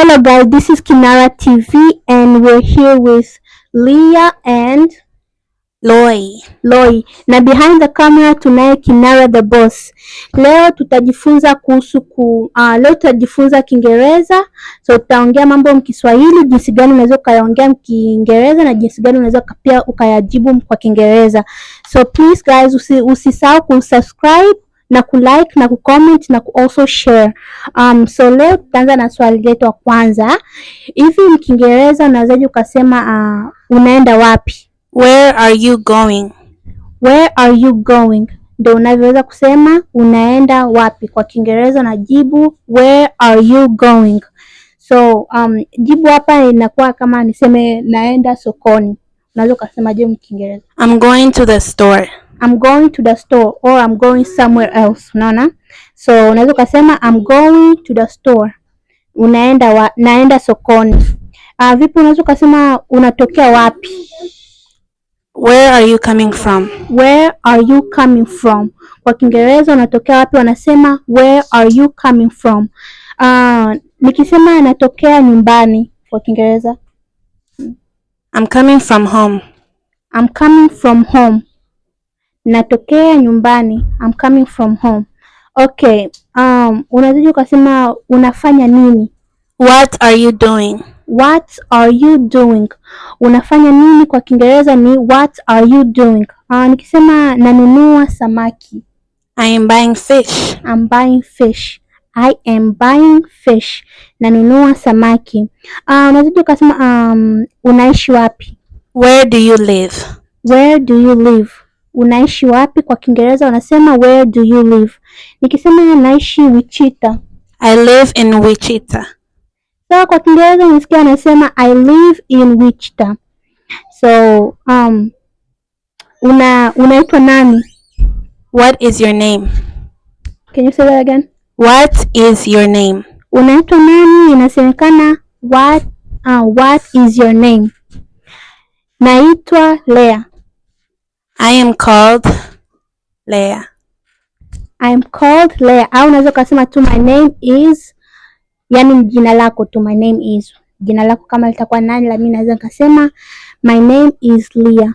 Hello guys, this is Kinara TV and we're here with Leah and Loi. Loi. Na behind the camera tunaye Kinara the boss. Leo tutajifunza kuhusu ku, uh, leo tutajifunza Kiingereza. So tutaongea mambo mkiswahili, jinsi gani unaweza ukayaongea mkiingereza na jinsi gani unaweza pia ukayajibu kwa Kiingereza. So please guys, usi, kusubscribe na kulike na kucomment na ku also share. Um, so leo tutaanza na swali letu la kwanza. Hivi Kiingereza unawezaje ukasema uh, unaenda wapi? Where are you going? Where are you going? Ndio unavyoweza kusema unaenda wapi kwa Kiingereza, najibu where are you going. So um, jibu hapa inakuwa kama niseme naenda sokoni unaweza ukasema je, mkiingereza I'm going to the store. I'm going to the store or I'm going somewhere else. Unaona? So unaweza ukasema I'm going to the store. Unaenda wa, naenda sokoni. Ah, vipi unaweza ukasema unatokea wapi? Where are you coming from? Where are you coming from? Kwa Kiingereza unatokea wapi wanasema where are you coming from? Ah, nikisema natokea nyumbani kwa Kiingereza I'm coming from home. I'm coming from home. Natokea nyumbani. I'm coming from home. Okay, um, unazidi ukasema unafanya nini? What are you doing? What are you doing? Unafanya nini kwa Kiingereza ni what are you doing? Uh, nikisema nanunua samaki. I am buying fish. I'm buying fish. I am buying fish, nanunua samaki. Uh, Unazidi ukasema um, unaishi wapi? Where do you live? Where do you live? Unaishi wapi? Kwa Kiingereza wanasema where do you live. Nikisema naishi Wichita. I live in Wichita. So kwa Kiingereza unasikia anasema I live in Wichita. So um, una unaitwa nani? What is your name? Can you say that again? What is your name? Unaitwa nani? Inasemekana what, uh, what is your name? Naitwa Lea. I am called Lea. I am called Lea. Au unaweza ukasema tu my name is, yani jina lako tu, my name is. Jina lako kama litakuwa nani, lakini naweza nikasema my name is Lea.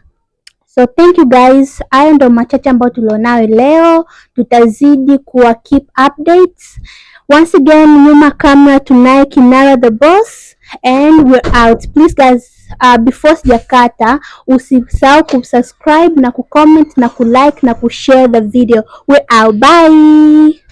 So thank you guys, hayo ndo machache ambayo tulionayo leo. Tutazidi kuwa keep updates. Once again, nyuma kamera tunaye Kinara the boss and we're out. Please guys, uh, before sijakata, usisahau kusubscribe na kucomment na kulike na kushare the video. We're out. Bye.